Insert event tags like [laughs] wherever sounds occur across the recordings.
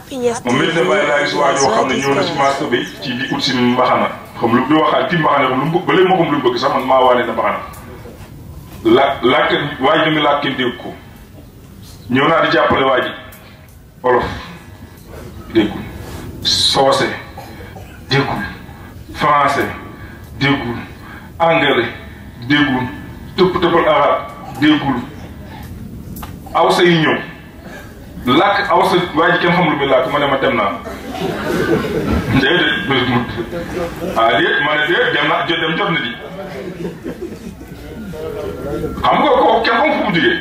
moom mel ne bàyyi naa gis waa yoo xam ne ñëw na si marché bi ci di ut si mbaxana xam lu di waxaat ci mbaxana lu mu ba léegi moo xam lu mu bëgg sax man na mbaxana la laajte waaye ñu ngi laaj kenn dégg ko ñëw naa waa ji olof déggul soose déggul français déggul anglais déggul tëpp tëppal arab déggul aw sa yu ñëw làkk aw sa waa ji kenn xamul bi làkk ma ne ma dem naa déedéet ah, dem jot dem jot na xam nga kooku kenn xamul fu mu jógee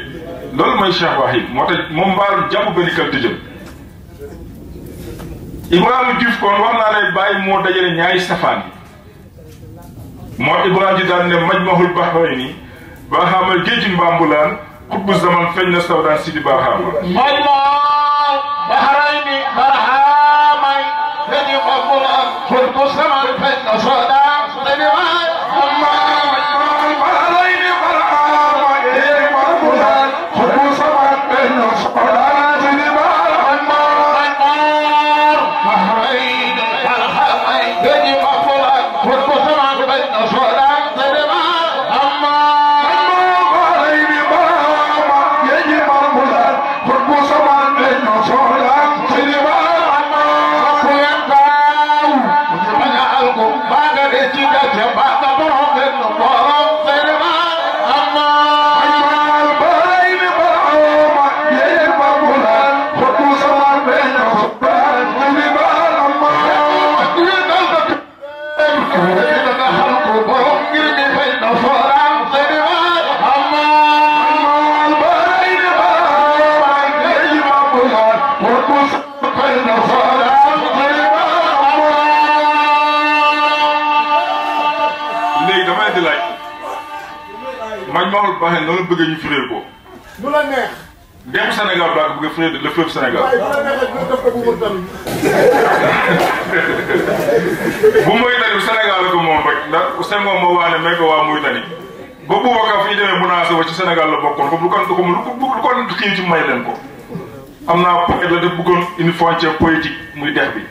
loolu mooy Cheikh Wahid moo tax moom mbaaru jàpp benn kër tëjëm Ibrahima Diouf wax naa lay bàyyi moo dajale ñaari safaan yi moo Ibrahima ji daan ne maj mahul baxrayni ba xamal géejin mbambulaan xubbu zaman na sawdaan sidi barhama majmol baxaray ni barhamay feñi xobul ak xubbu zaman feeñ na sawdaan man Maodo Bakheng noonu bëggee ñu firé ko. lu la neex. dem Sénégal laa ko bëgg a bu la neexee ñu def ko bu tamit. [laughs] bu Sénégal la ko moom rek ndax Senghor moo wax ne may ko waa ba Boubacar fi ñu demee menace ba ci Sénégal la bokkoon ko lu kon lu ko may leen ko. am naa poche la def bëggoon une politique muy dex bi.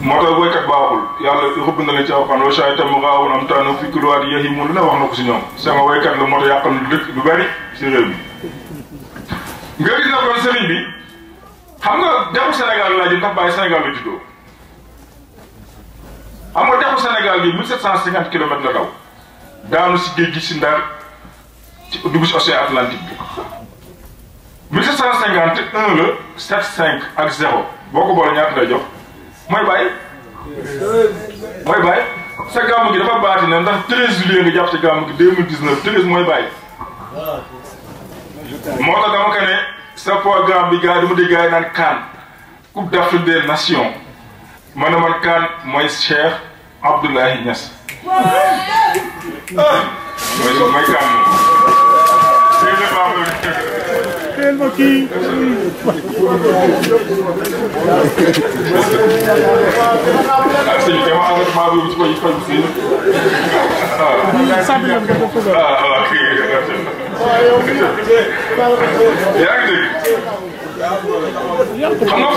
moo tax woykat baaxul yàlla xëbb na leen ci alxuraan wa shaahidim mu gaawul am taanu fi kulwaat yéex yi mu ne wax na ko si ñoom sama woykat la moo tax yàqal lu dëkk lu bari mi nga gis na kon sëriñ bi xam nga dexu Sénégal laa ji ndax bàyyi Sénégal la juddoo daanu si géej gi si ndar ci dugg si océan Atlantique bi mille sept cent cinquante un la sept ak zéro boo ko boole ñaata lay jox mooy bàyyi. mooy bàyyi sa gàmm gi dafa baati ne ndax 13 juillet nga jàpp sa gàmm gi 2019 13 mooy bàyyi. moo tax dama ko ne sa programme bi gars yi dama dégg gars yi naan CAN Coupe d'Afrique des Nations ma man CAN mooy Cheikh Abdoulaye Niass. mooy mooy CAN moom. teel na kii. yaa ngi dégg xam nga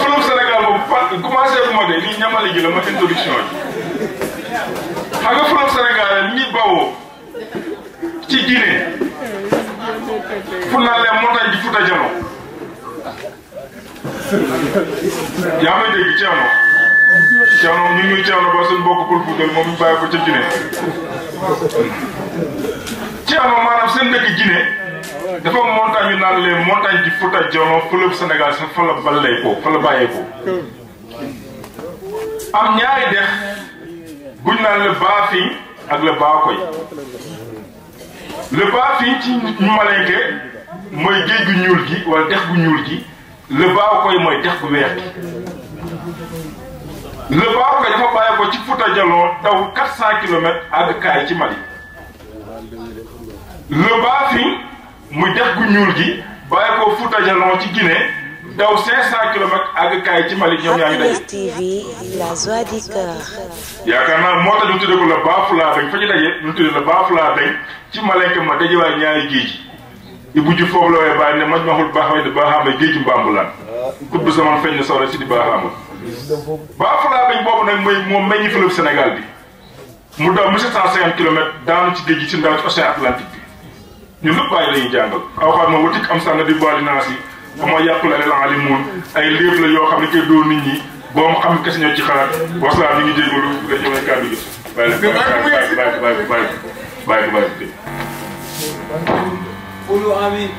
fleuve Sénégal moom parce que commencé bu ma de lii ñamale ji la ma introduction ji xam nga fleuve Sénégal ñi bawoo ci Guinée fu naan les montagnes di Fouta Djallon yaa may dégg Thierno Thierno ñu ngi Thierno ba suñu bokk pël Fuutal moom ñu bàyyi ko ca Guinée. Thierno maanaam seen dëkk Guinée dafa am montagne yu naan les montagnes du Fouta Diono fële Sénégal sax fa la ballee ko fa la bàyyee ko am ñaari dex buñ naan le Baafi ak le Baakoy le Baafi ci ñu malinke mooy géej gu ñuul gi wala dex gu ñuul gi. le baaw koy mooy dex bu weex lu baaw koy dafa bàyyi ko ci Fuuta jalo daw 400 kilomètres àgg kay ci Mali le baax muy def gu ñuul gi baye ko Fuuta jalo ci Guinée daw 500 kilomètres àgg kay ci Mali ñom yaangi ngi TV la joie du cœur. yaakaar naa moo tax ñu tuddee ko la baaf la dañ fa ñu daje ñu tuddee la baaf la dañ ci Malek ma daje waaye ñaari géej gi. di bujj foofu la waaye bàyyi ne maj maxul baaxamay di baaxaamay géeju mbambulaan kut bu saman feñ na sore si di baaxaama baa fulaa bañ boobu nag mooy moom meññi fleuve Sénégal bi mu daw mille sept cent cinquante kilomètres daanu ci géej gi si ndaw ci océan Atlantique bi ñun lépp bàyyi lañuy jàngal aw xaar ma watik am sànna di boili naas yi ama yàqul alel alimun ay léeb la yoo xam ne koy dóor nit ñi boom xam kese ñoo ci xalaat wasalaam ñu ngi jégalu la ñu may kàddu gi bàyyi la قولوا آمين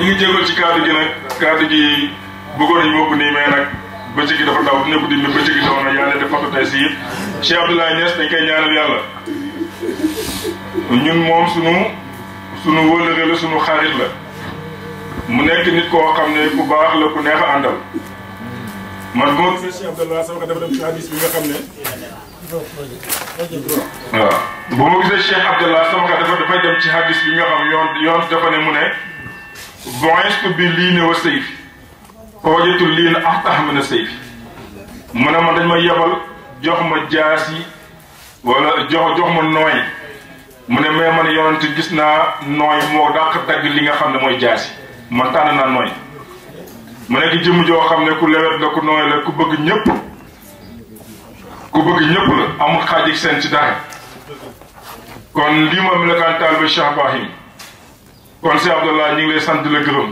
ñu ngi jégal ci kaddu gi nag kaddu gi bëggoon nañu bokk nii mais nag bëccëg dafa daw ñëpp di ne bëccëg gi daw na yàlla def fatu tey si Cheikh Abdoulaye Niass dañ koy ñaanal yàlla ñun moom sunu sunu wëllëre la sunu xarit la mu nekk nit koo xam ne ku baax la bu neex a àndal man moom. monsieur Abdallah Sow dafa dem ci hadis bi nga xam ne. waaw bu ma gisee Cheikh Abdallah Sow dafa dafay dem ci hadis bi nga xam yoon yoon dafa ne mu ne. bu'istu bi liin lii sayf hojatu liin ahtah min sayf mu ne man dañ ma yebal jox ma jaasi wala jox jox ma nooy mu ne mais man yonent gis naa nooy moo dàq dagg li nga xam ne mooy jaasi man tànn naa nooy. mu nekk jëmm joo xam ne ku lewet la ku nooy la ku bëgg ñëpp ku bëgg ñépp la amul xaaj ak seen ci dara kon lii moom la kan taal ba Cheikh Ibrahim kon si Abdallah ñu ngi lay sant la gërëm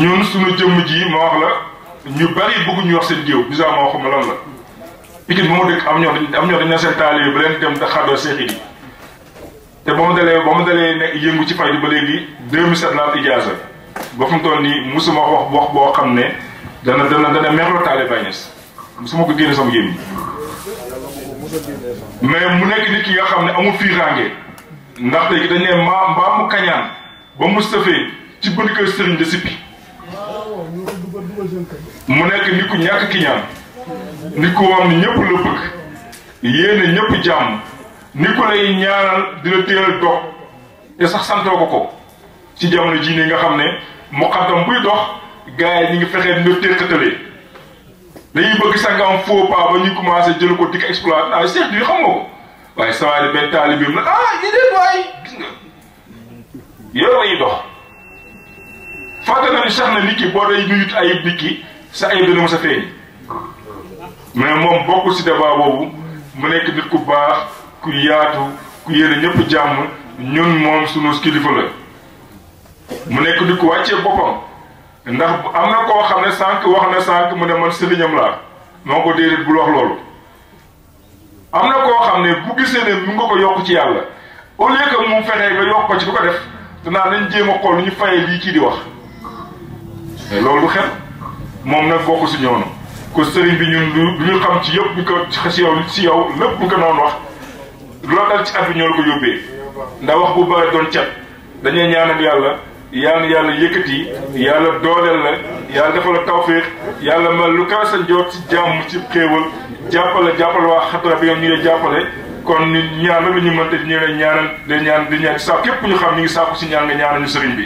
ñun suñu jëmm ji ma wax la ñu bari bëgg ñu wax seen géew bisaa ma waxuma lan la Pikine bu mu dëkk am ñoo am ñoo dañ na seen taalibe ba leen dem te xaddoo seexi yi te ba mu dalee ba mu dalee nekk yëngu ci fay di ba léegi 2007 laa ijaasa ba fu mu toll musuma wax boo xam ne dana dana dana merloo taale Baye Niass musuma ko génne sama gémmiñ mais mu nekk nit ki nga xam ne amul fiiraange ndax léegi dañ ne maa mbaa kañaan ba mu ci bëri kër sëriñ de sippi mu nekk nit ku ñàkk kiñaan nit ko wax ni ñëpp la yéene ñëpp jàmm ni ko lay ñaanal dina téeral dox te sax santoo ko ko ci jamono jii nii nga xam ne mu muqaddam buy dox gars yi ñu ngi fexee ñu téqatalee dañuy bëgg sanga am faux pas ba ñu commencé jël ko di ko exploité ah seet bi xam nga ko waaye saa yi benn taalibeem ah, la ah ñu dee waay dox fàtte na ni sax na nit ki boo day nuyut ayib nit sa ayib dana mos a feeñ mais moom bokkul si débat boobu mu nekk nit ku baax ku yaatu ku yéene ñëpp jàmm ñun moom sunu kilifa la mu nekk di ko wàccee boppam ndax am na koo xam ne sànq wax na sànq mu ne man sëriñam laa moo ko déedéet bul wax loolu am na koo xam ne bu gisee ne mu nga ko yokk ci yàlla au lieu que mu fexee ko ci ko def danaa nañ jéem a xool lu ñu fayee lii kii di wax loolu xel moom nag bokk si ñoonu ko sëriñ bi ñun lu ñu xam ci yëpp bu ko si yow si yow lépp bu ko noonu wax loolu dal ci at bi ñoo la ko yóbbee ndax wax bu bare doon cat dañuy ñaanal yàlla yàlla yàlla yëkkati yàlla dooleel la yàlla defal la tawféex yàlla ma lu kaw sa njoot ci jàmm ci xéewal jàppale jàppale waa xatara bi nga ñu ngi jàppale kon ñu ñaan la ñu mënte ñu ngi ñaanal di ñaan di ñaan sa képp ñu xam ñu ngi sàkku si ñaan nga ñaanal ñu sëriñ bi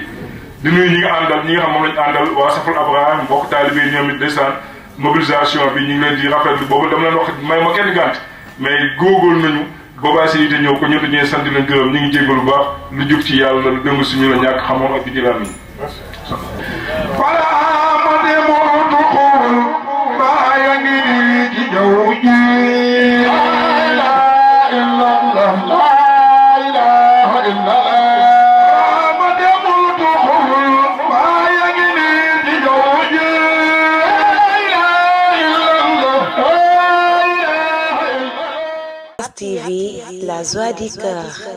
di nuyu ñi nga àndal ñi nga xam moom lañu àndal waa safal abraham mbokk taalibe ñoom it ndeysaan mobilisation bi ñu ngi leen di rafetlu boobu dama leen wax may ma kenn gànt mais góogóol nañu boobaa si yite ñëw ko ñëpp ñooy sant leen gërëm ñu ngi jégalu bu baax lu jub ci yàlla lu dëng suñu la ñàkk xamoon ak bi ci làmmiñ Joie du cœur.